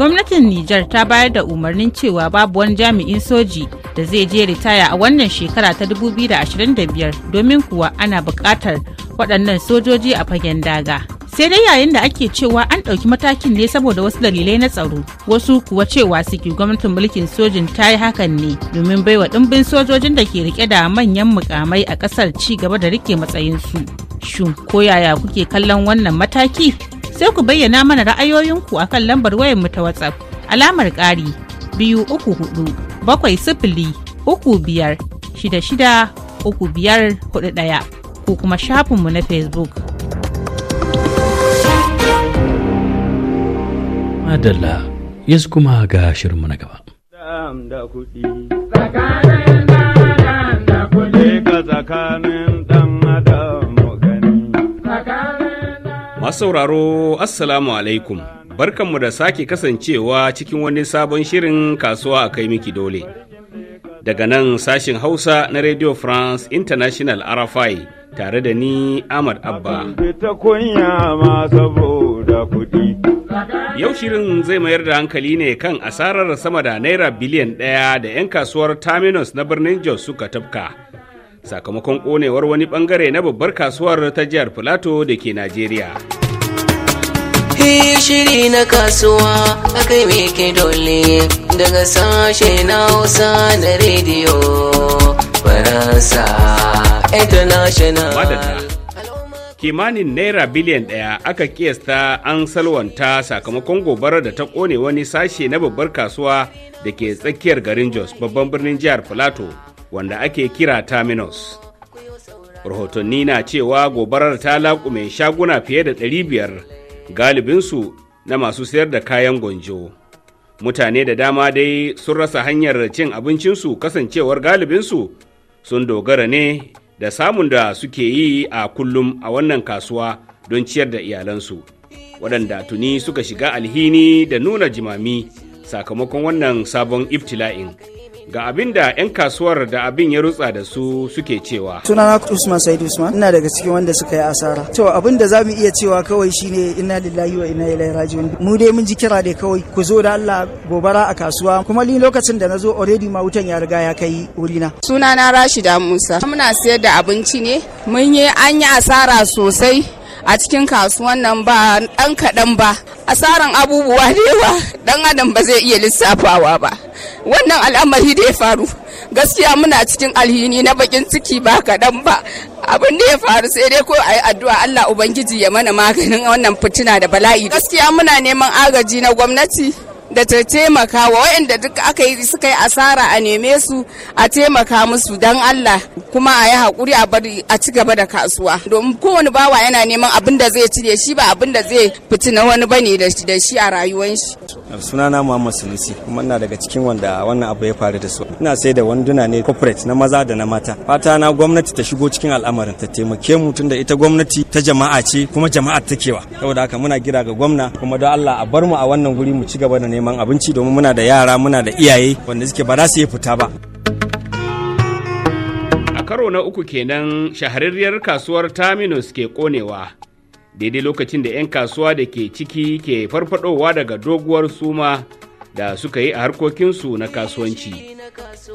gwamnatin Nijar ta bayar da umarnin cewa babu wani jami'in soji da zai je ritaya a wannan shekara ta 2025 domin kuwa ana buƙatar waɗannan sojoji a fagen daga. Sai dai yayin da ake cewa an ɗauki matakin ne saboda wasu dalilai na tsaro, wasu kuwa cewa suke gwamnatin mulkin sojin ta yi hakan ne domin baiwa ɗimbin sojojin da ke rike da manyan mukamai a ƙasar ci gaba da rike matsayinsu. Shin ko yaya kuke kallon wannan mataki? sai ku bayyana mana ra'ayoyinku a kan lambar wayanmu ta WhatsApp alamar ƙari biyu uku hudu bakwai sifili uku biyar shida shida uku biyar hudu ɗaya ko kuma shafinmu na Facebook. Madalla, yanzu kuma ga shirinmu na gaba. Da kuɗi. Tsakanin da kuɗi. Ka tsakanin Masu sauraro Assalamu alaikum. Barkanmu da sake kasancewa cikin wani sabon shirin kasuwa a kai miki dole. Daga nan sashin Hausa na Radio France International RFI tare da ni Ahmad Abba. Yau shirin zai mayar da hankali ne kan asarar sama da Naira biliyan ɗaya da 'yan kasuwar Terminus na birnin Jos suka tafka. sakamakon konewar wani bangare na babbar kasuwar ta jihar Filato da ke Najeriya. shiri na kasuwa a dole daga sashe na hausa na rediyo faransa international kimanin naira biliyan ɗaya aka kiyasta an salwanta sakamakon gobarar da ta kone wani sashe na babbar kasuwa da ke tsakiyar garin jos babban birnin jihar plateau wanda ake kira terminus rahotanni na cewa gobarar ta laƙume shaguna fiye da ɗari biyar galibinsu na masu sayar da kayan gonjo mutane da dama dai sun rasa hanyar cin abincinsu kasancewar galibinsu sun dogara ne da samun da suke yi a kullum a wannan kasuwa don ciyar da iyalansu waɗanda tuni suka shiga alhini da nuna jimami sakamakon wannan sabon ibtila'in. ga abin da 'yan kasuwar da abin ya rutsa da su suke cewa. Sunana Usman Said Usman, ina daga cikin wanda suka yi asara. To abin da za mu iya cewa kawai shine inna lillahi wa inna ilaihi raji'un. Mu dai mun ji kira da kawai ku zo da Allah gobara a kasuwa. Kuma ni lokacin da na zo already ma wutan ya riga ya kai wurina. Sunana Rashida Musa. Muna sayar da abinci ne. Mun yi an yi asara sosai. a cikin kasuwan nan ba ɗan kaɗan ba asaran abubuwa da yawa dan adam ba zai iya lissafawa ba wannan al'amari da ya faru gaskiya muna cikin alhini na bakin ciki ba kaɗan ba abin da ya faru sai dai ko a yi addu'a Allah Ubangiji ya mana maganin wannan fitina da bala'i gaskiya muna neman agaji na gwamnati da ta taimaka wa waɗanda duk aka yi suka yi asara a neme su a taimaka musu don Allah kuma a yi haƙuri a bari a ci gaba da kasuwa domin kowane bawa yana neman abin da zai cire shi ba abin da zai fitina wani bane da shi a rayuwar shi sunana muhammad sunusi kuma ina daga cikin wanda wannan abu ya faru da su ina sai da wanduna ne corporate na maza da na mata fata na gwamnati ta shigo cikin al'amarin ta taimake mu tunda ita gwamnati ta jama'a ce kuma jama'a ta kewa saboda haka muna gira ga gwamna kuma don allah a bar mu a wannan guri mu ci gaba da neman abinci domin muna da yara muna da iyaye wanda suke ba za su yi fita ba a karo na uku kenan shahararriyar kasuwar terminus ke konewa daidai lokacin da 'yan kasuwa da ke ciki ke farfadowa daga doguwar suma da suka yi a harkokinsu na kasuwanci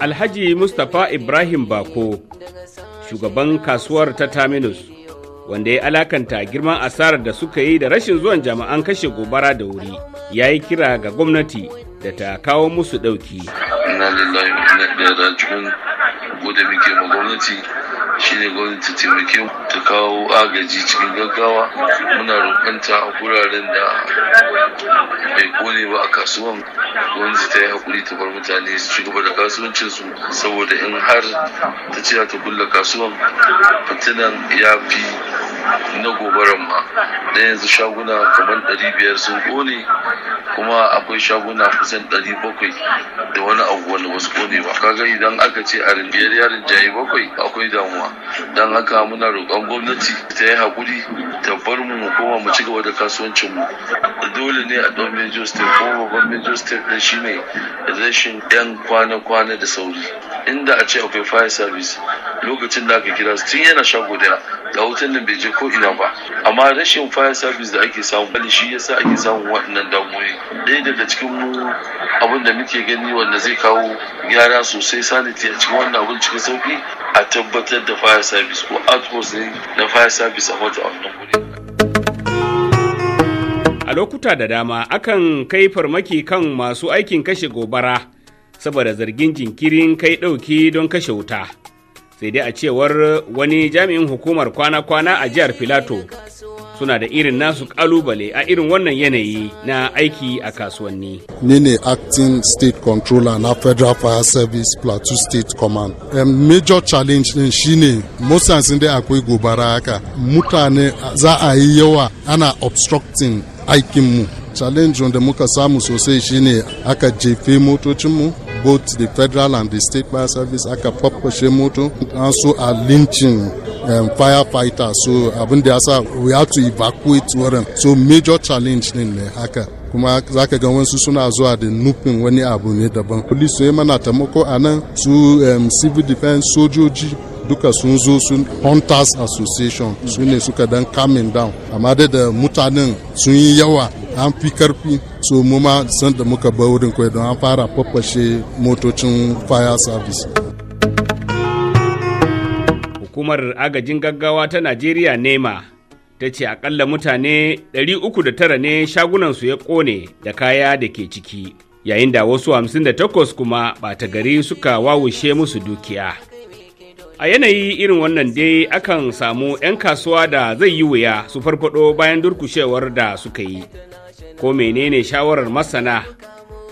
alhaji mustapha ibrahim bako shugaban kasuwar ta terminus wanda ya alakanta girman asarar da suka yi da rashin zuwan jami'an kashe gobara da wuri ya yi kira ga gwamnati da ta kawo musu ɗauki. shine gwamnati taimake mu ta kawo agaji cikin gaggawa muna roƙanta a guraren da bai kone ba a kasuwan gwamnati ta yi hakuri ta bar mutane su ci gaba da kasuwancin su saboda in har ta ce ta kulle kasuwan fitinan ya fi na gobarar ma da yanzu shaguna kamar biyar sun kone kuma akwai shaguna kusan 700 da wani abu wanda wasu kone ba kaga idan aka ce a rinjiyar yarin jayi bakwai akwai damuwa don haka muna roƙon gwamnati ta yi haƙuri ta bar mu mu koma mu ci gaba da kasuwancin mu dole ne a don major state kuma babban major state din shine rashin yan kwana-kwana da sauri inda a ce akwai fire service lokacin da aka kira su tun yana shago daya da wutan nan bai je ko ina ba amma rashin fire service da ake samu bali shi yasa ake samu waɗannan damuwoyi ɗaya daga cikin mu abin da muke gani wanda zai kawo gyara sosai sanity a cikin wannan abin cikin sauki a tabbatar da fire service ko outpost ne na fire service a wata wannan guri a lokuta da dama akan kai farmaki kan masu aikin kashe gobara saboda zargin jinkirin kai ɗauki don kashe wuta sai dai a cewar wani jami'in hukumar kwana-kwana a jihar filato suna da irin nasu kalubale a irin wannan yanayi na aiki a kasuwanni. Ni ne acting state controller na Federal Fire Service Plateau State Command. A major challenge din shine musan dai akwai gobara haka mutane za a yi yawa ana obstructing aikinmu. Challenge da muka samu sosai shine aka jefe motocinmu both the federal and the state fire service aka faffashe moto an so a lynching um, firefighters so abin da yasa we have to evacuate wurin so major challenge din ne haka kuma za ka ga wasu suna zuwa da nufin wani abu ne daban police sai mana taimako a nan su um, civil defense sojoji duka sun zo sun hunters association su ne suka dan coming down amma da mutanen sun yi yawa an fi karfi so mu ma san da muka ba wurin kai don an fara faffashe motocin fire service hukumar agajin gaggawa ta najeriya nema ta ce akalla mutane 309 ne shagunansu ya kone da kaya da ke ciki yayin da wasu 58 kuma ɓata gari suka wawushe musu dukiya a yanayi irin wannan dai akan samu 'yan kasuwa da zai yi wuya su farfado bayan durkushewar da suka yi ko menene shawarar masana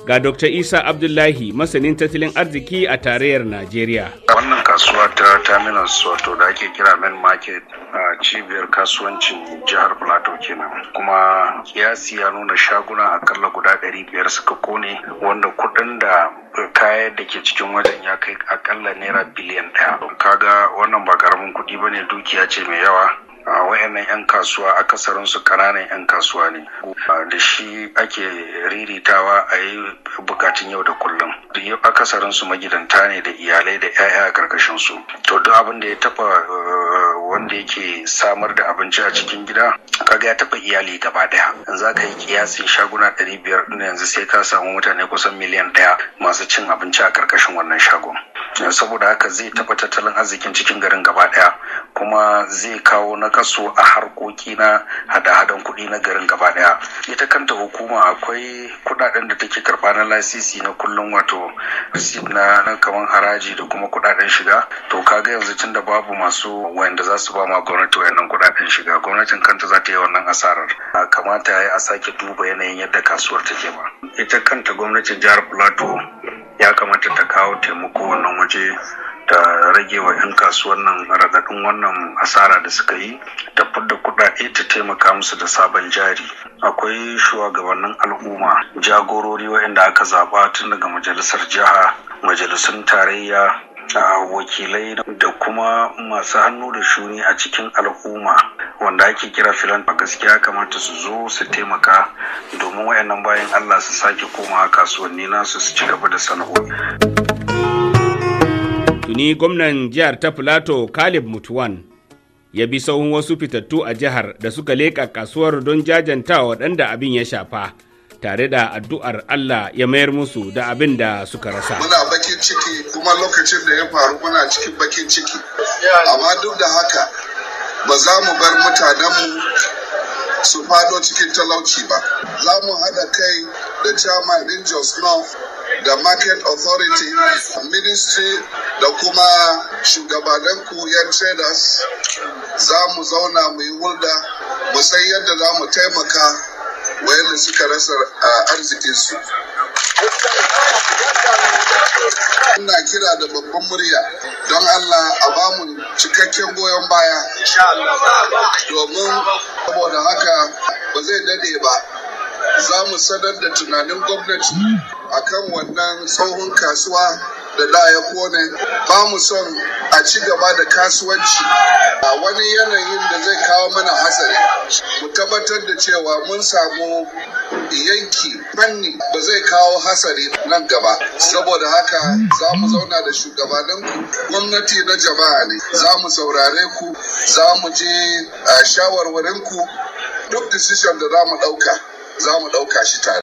ga dr isa abdullahi masanin tattalin arziki a tarayyar najeriya wannan kasuwa ta terminus wato da ake kira main market a cibiyar kasuwancin jihar plato kenan kuma kiyasi ya nuna shaguna akalla guda ɗari biyar suka kone wanda kudin da kayan da ke cikin wajen ya kai akalla naira biliyan daya kaga wannan ba karamin kudi ne dukiya ce mai yawa a wayannan 'yan kasuwa akasarinsu su kananan 'yan kasuwa ne da shi ake riritawa a yi bukatun yau da kullum Akasarinsu magidanta ne da iyalai da 'ya'ya a karkashin to duk abin da ya taba uh, wanda yake samar da abinci a cikin gida kaga ya taba iyali gaba daya za ka yi kiyasin shaguna 500 na yanzu sai ka samu mutane kusan miliyan daya masu cin abinci a karkashin wannan shagon saboda haka zai taba tattalin arzikin cikin garin gaba daya kuma zai kawo nakaso a harkoki na hada-hadan kuɗi na garin gaba daya ita kanta hukuma akwai kuɗaɗen da take karɓa na lasisi na kullum wato receipt na na kaman haraji da kuma kuɗaɗen shiga to kaga yanzu tun da babu masu wayanda za su ba ma gwamnati wayannan kuɗaɗen shiga gwamnatin kanta za ta yi wannan asarar kamata ya yi a sake duba yanayin yadda kasuwar take ba ita kanta gwamnatin jihar plateau ya kamata ta kawo taimako wannan waje ta rage wa 'yan kasuwan nan raɗaɗin wannan asara da suka yi ta fidda kuɗaɗe ta taimaka musu da sabon jari akwai shugabannin al'umma jagorori waɗanda aka zaɓa tun daga majalisar jiha majalisun tarayya wakilai da kuma masu hannu da shuni a cikin al'umma wanda ake kira filan a gaskiya kamata su zo su taimaka domin wayannan bayan allah su sake komawa kasuwanni nasu su ci gaba da sana'o'i tuni gwamnan jihar ta Filato Kalib Mutuwan ya bi sauhun wasu fitattu a jihar da suka leƙa kasuwar don jajanta waɗanda abin ya shafa tare da addu'ar Allah ya mayar musu da abin da suka rasa. Muna bakin ciki kuma lokacin da ya faru muna cikin bakin ciki. Amma duk da haka ba za mu bar mutanenmu su fado cikin talauci ba. Za mu haɗa kai da chairman Jos da market authority ministry da kuma shugabannin koyan traders za mu zauna mu yi hulda mu san yadda za mu taimaka wayanda suka rasa arzikinsu ina kira da babban murya don allah a bamu cikakken goyon baya domin saboda haka ba zai dade ba za mu sanar da tunanin gwamnati akan wannan tsohon kasuwa da da ya kone ba mu son a ci gaba da kasuwanci a wani yanayin da zai kawo mana hatsari mu tabbatar da cewa mun samu yanki fanni da zai kawo hatsari nan gaba saboda haka za mu zauna da shugabannin gwamnati na jama'a ne za mu saurare ku za mu je shawarwarinku duk decision da za mu ɗauka za mu ɗauka shi tare